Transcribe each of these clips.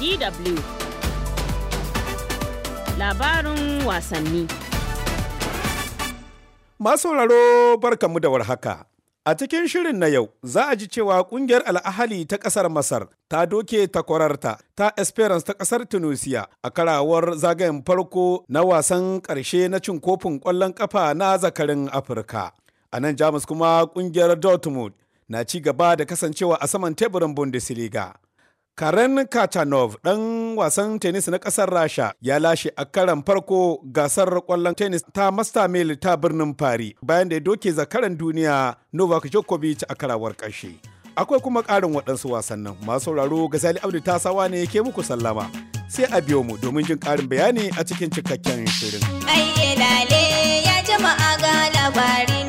DW Labarin wasanni Masu sauraro barkanmu da warhaka. A cikin shirin na yau za a ji cewa kungiyar al'ahali ta ƙasar Masar ta doke takwararta ta Esperance ta ƙasar Tunisia a karawar zagayen farko na wasan ƙarshe na cin kofin ƙwallon ƙafa na zakarin Afirka. A nan Jamus kuma kungiyar Dortmund na ci gaba da kasancewa a saman teburin Bundesliga. Karen Kachanov ɗan wasan tenis na ƙasar Rasha ya lashe a karan farko gasar ƙwallon tenis ta Master Mill ta birnin Fari bayan da ya doke zakaran duniya Novak Djokovic a karawar ƙarshe. Akwai kuma ƙarin waɗansu wasannin masu sauraro Gazali Abdu Tasawa ne ke muku sallama. Sai a biyo mu domin jin ƙarin bayani a cikin cikakken shirin. Ai ya jama'a ga labari.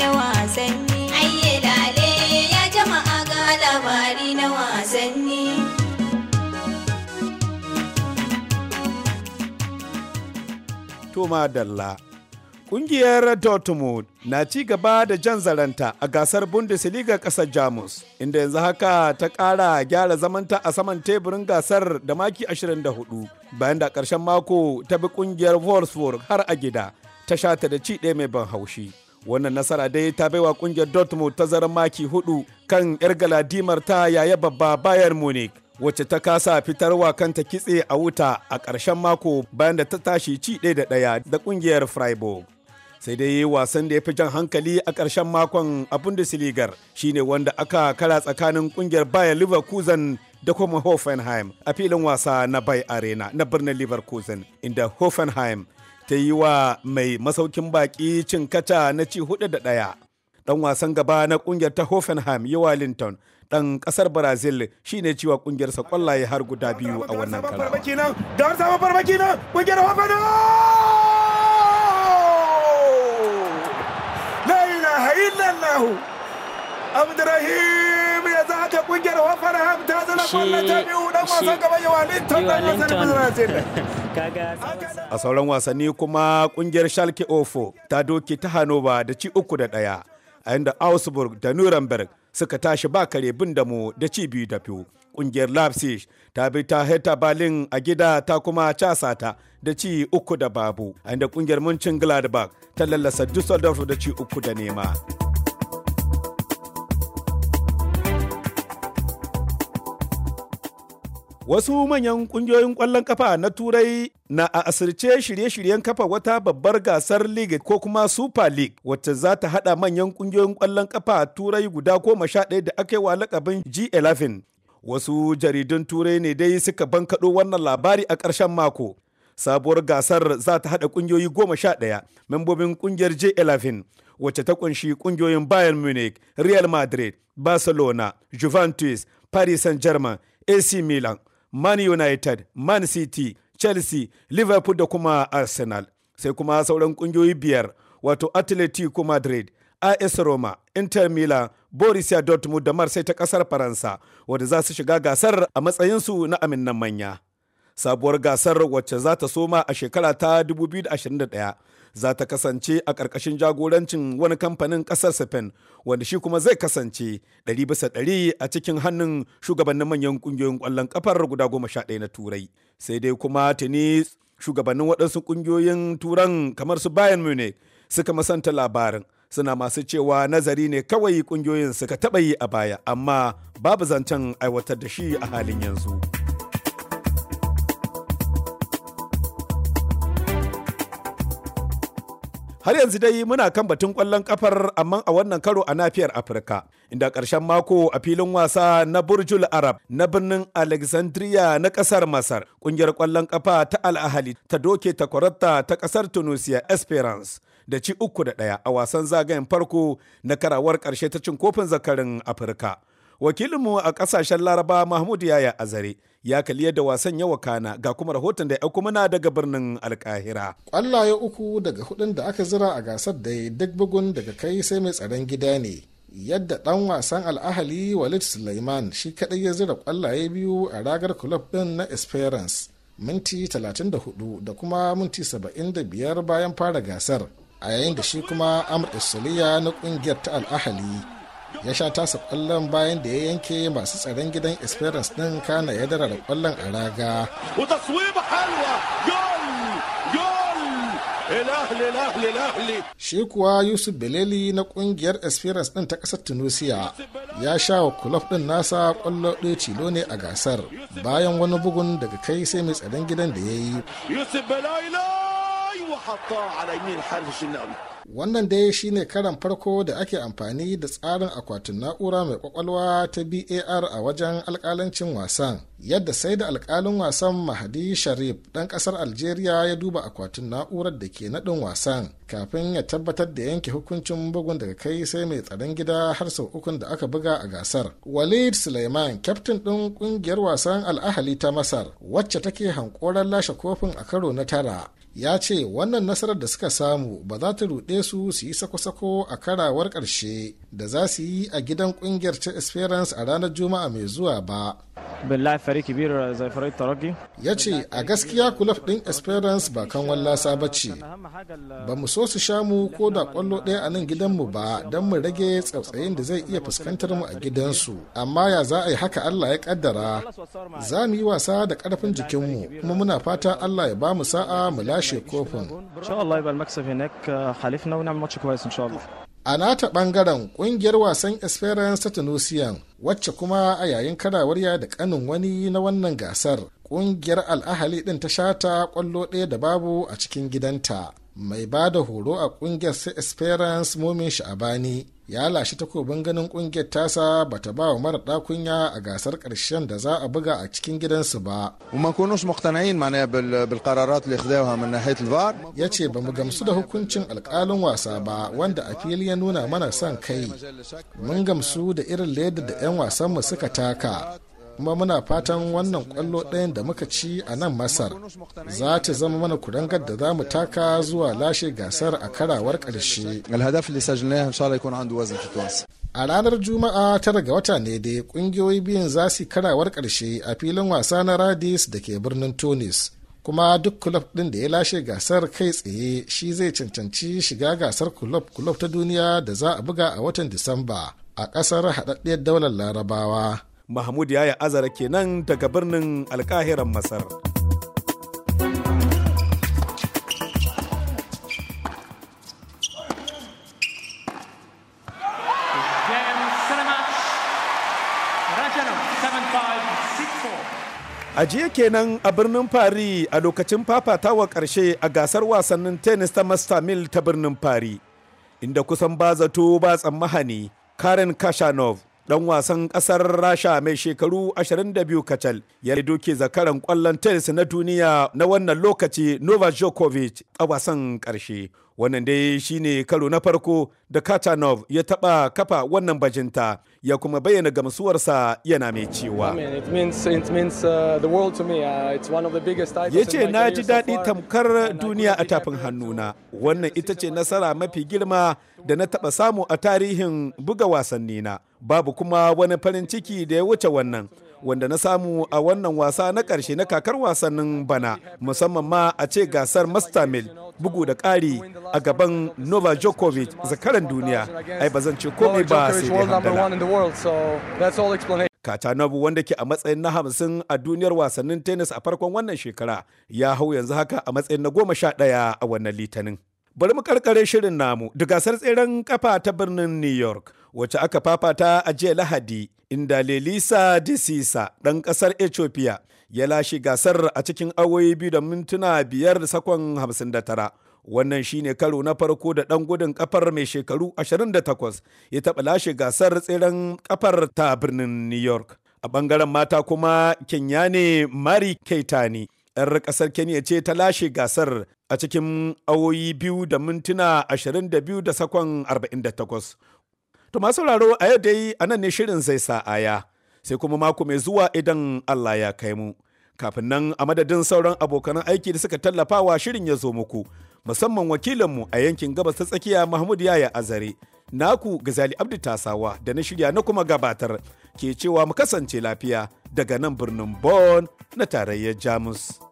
Toma Dalla. Ƙungiyar Dortmund na ci gaba da jan zaranta a gasar Bundesliga ƙasar Jamus, inda yanzu haka ta ƙara gyara zamanta a saman teburin gasar da maki 24, bayan da ƙarshen mako ta bi ƙungiyar Wolfsburg har a gida, ta sha ta da ci ɗaya mai ban haushi. wannan nasara dai ta baiwa kungiyar dortmund tazarar maki hudu kan yar galadimar ta yaya babba bayern munich wacce ta kasa fitarwa kanta kitse a wuta a ƙarshen mako bayan da ta tashi ci ɗaya da ɗaya da ƙungiyar Freiburg. sai dai wasan da ya fi jan hankali a ƙarshen makon a Bundesliga shine wanda aka kara tsakanin ƙungiyar Bayer Leverkusen da kuma Hoffenheim a filin wasa na Bay Arena na birnin Leverkusen inda Hoffenheim ta yi wa mai masaukin baƙi cin kaca na ci hudu da ɗaya. dan wasan gaba na kungiyar ta Hoffenheim yi Wellington dan kasar Brazil shine cewa kungiyarsa kwallaye har guda biyu a wannan karawa. A sauran wasanni kuma kungiyar Schalke 04 ta doke ta Hannover da ci uku da ɗaya. a inda Augsburg da Nuremberg suka tashi ba kare bin da mu da ci biyu da fiyo. Ƙungiyar Leipzig ta bi ta heta Berlin a gida ta kuma casa ta da ci uku da babu, a inda ƙungiyar Munchen Gladbach ta lallasa düsseldorf da ci uku da nema. Wasu manyan ƙungiyoyin kwallon kafa na Turai na a asirce shirye-shiryen kafa wata babbar gasar League ko kuma Super League wacce za ta haɗa manyan kungiyoyin kwallon kafa Turai guda goma sha ɗaya da aka yi wa lakabin G11. Wasu jaridun Turai ne dai suka bankaɗo wannan labari a ƙarshen mako. Sabuwar gasar za ta haɗa ƙungiyoyi goma sha ɗaya membobin ƙungiyar G11 wacce ta ƙunshi ƙungiyoyin Bayern Munich, Real Madrid, Barcelona, Juventus, Paris Saint-Germain, AC Milan, man united man city chelsea liverpool da kuma arsenal sai kuma sauran kungiyoyi biyar wato atletico madrid AS Roma, Inter Milan, Borussia Dortmund da Marseille ta kasar Faransa wadda za su shiga gasar a matsayinsu na aminnan manya. Sabuwar gasar wacce za ta soma a shekara ta 2021 za ta kasance a ƙarƙashin jagorancin wani kamfanin ƙasar Spain wanda shi kuma zai kasance ɗari bisa ɗari a cikin hannun shugabannin manyan ƙungiyoyin ƙwallon ƙafar guda goma sha ɗaya na Turai. Sai dai kuma tuni shugabannin waɗansu ƙungiyoyin Turan kamar su bayan Munich suka masanta labarin. suna masu cewa nazari ne kawai ƙungiyoyin suka taɓa yi a baya amma babu zancen aiwatar da shi a halin yanzu. Har yanzu dai muna kan batun kwallon kafar amma a wannan karo a nafiyar Afirka. Inda ƙarshen mako a filin wasa na Burjul Arab na birnin Alexandria na ƙasar Masar, ƙungiyar kwallon kafa ta al ta doke takwaratta ta ƙasar Tunisia Esperance. da ci uku da ɗaya a wasan zagayen farko na karawar ƙarshe ta cin kofin zakarin afirka wakilinmu a kasashen laraba mahmud yaya azare ya kalli yadda wasan ya wakana ga kuma rahoton da ya aiko na daga birnin alkahira ƙwallaye uku daga hudun da aka zira a gasar da duk bugun daga kai sai mai tsaron gida ne yadda dan wasan al'ahali walid suleiman shi kadai ya zira kwallaye biyu a ragar kulob din na esperance minti 34 da kuma minti 75 bayan fara gasar a yayin da shi kuma amur na kungiyar ta al'ahali ya sha tasa kwallon bayan da ya yanke masu tsaron gidan experience din kana ya dara da kwallon a raga shi kuwa yusuf beleli na kungiyar experience din ta kasar tunisia ya sha wa kulof din nasa kwallo ɗaya cilo ne a gasar bayan wani bugun daga kai sai mai tsaron gidan da ya yi yusuf wannan dai shine karan farko da ake amfani da tsarin akwatin na'ura mai kwakwalwa ta bar a wajen alkalancin wasan yadda sai da alkalin wasan mahadi sharif ɗan ƙasar algeria ya duba akwatin na'urar da ke naɗin wasan kafin ya tabbatar da yanke hukuncin bugun daga kai sai mai tsaron gida har sau ukun da aka buga a gasar walid suleiman kyaftin ɗin ƙungiyar wasan al'ahali ta masar wacce take hankoran lashe kofin a karo na tara ya ce wannan nasarar da suka samu ba za ta ruɗe su su yi sako-sako a karawar ƙarshe da za su yi a gidan ƙungiyar ta experience a ranar juma'a mai zuwa ba ya ce a gaskiya kulaf ɗin experience ba kan wallasa ba ce ba mu so su sha mu ko da ƙwallo ɗaya a nan gidanmu ba don mu rage tsautsayin da zai iya fuskantar mu a gidansu amma ya za a yi haka allah ya ƙaddara za mu yi wasa da ƙarfin jikinmu kuma muna fata allah ya ba mu sa'a mu lashe kwashe kofin. Uh, a nata bangaren kungiyar wasan Esperance ta Tunisian wacce kuma a yayin karawarya da kanin wani na wannan gasar ƙungiyar al'ahali ɗin ta shata kwallo ɗaya da babu a cikin gidanta. mai ba da horo a kungiyar esperance momin sha'abani ya lashe takobin ganin kungiyar tasa ba ta ba wa mara dakunya a gasar karshen da za a buga a cikin gidansu ba. وما ya ce ba mu gamsu da hukuncin alkalin wasa ba wanda a fili ya nuna mana son kai mun gamsu da irin ledar da 'yan wasanmu suka taka kuma muna fatan wannan kwallo ɗayan da muka ci a nan masar za ta zama mana kurangar da za mu taka zuwa lashe gasar a karawar ƙarshe a ranar juma'a tara ga wata ne dai kungiyoyi biyun za su karawar ƙarshe a filin wasa na radis da ke birnin tunis kuma duk kulob ɗin da ya lashe gasar kai tsaye shi zai cancanci shiga gasar kulob-kulob ta duniya da za a buga a watan disamba a ƙasar haɗaɗɗiyar daular larabawa mahmud yaya azara kenan daga birnin alkahiran masar a kenan a birnin fari a lokacin fafatawa ƙarshe a gasar wasannin tennis ta master mil ta birnin fari inda kusan ba zato ba tsammahani karen kashanov dan wasan kasar rasha mai shekaru 22 kacal ya doke zakaran kwallon tennis na duniya na wannan lokaci nova djokovic a wasan karshe wannan dai shine karo na farko da katanov ya taba kafa wannan bajinta ya kuma bayyana gamsuwarsa yana mai cewa uh, uh, ya ce na ji daɗi tamkar duniya a tafin hannuna wannan ita ce nasara mafi girma da na taɓa samu a tarihin buga wasannina babu kuma wani farin ciki da ya wuce wannan wanda na samu a wannan wasa na karshe na kakar wasannin bana musamman ma a ce gasar master mil bugu da ƙari a gaban nova djokovic zakaran duniya ai ba zan ce komai ba sai dai Katanobu wanda ke a matsayin na hamsin a duniyar wasannin tennis a farkon wannan shekara ya hau yanzu haka a matsayin na goma sha ɗaya a wannan litinin. Bari mu karkare shirin namu da gasar tseren kafa ta birnin New York wacce aka fafata a jiya Lahadi inda Lelisa Disisa ɗan ƙasar Ethiopia ya lashe gasar a cikin awoyi biyu da mintuna biyar da sakon hamsin da tara. Wannan shi ne karo na farko da ɗan gudun kafar mai shekaru 28 ya taɓa lashe gasar tseren kafar ta birnin New York. A ɓangaren mata kuma Kenya ne Mari Keitani. 'yar ƙasar kenya ce ta lashe gasar a cikin awoyi biyu da mintuna ashirin da biyu da sakon arba'in da takwas. To masu raro a yau dai a nan ne shirin zai sa aya sai kuma mako mai zuwa idan Allah ya kai mu. Kafin nan a madadin sauran abokan aiki da suka tallafa wa shirin ya zo muku musamman wakilinmu a yankin gabas ta tsakiya Mahmud Yaya Azare. Naku Gazali Abdu Tasawa da na shirya na kuma gabatar ke cewa mu kasance lafiya daga nan birnin Bon na tarayyar Jamus.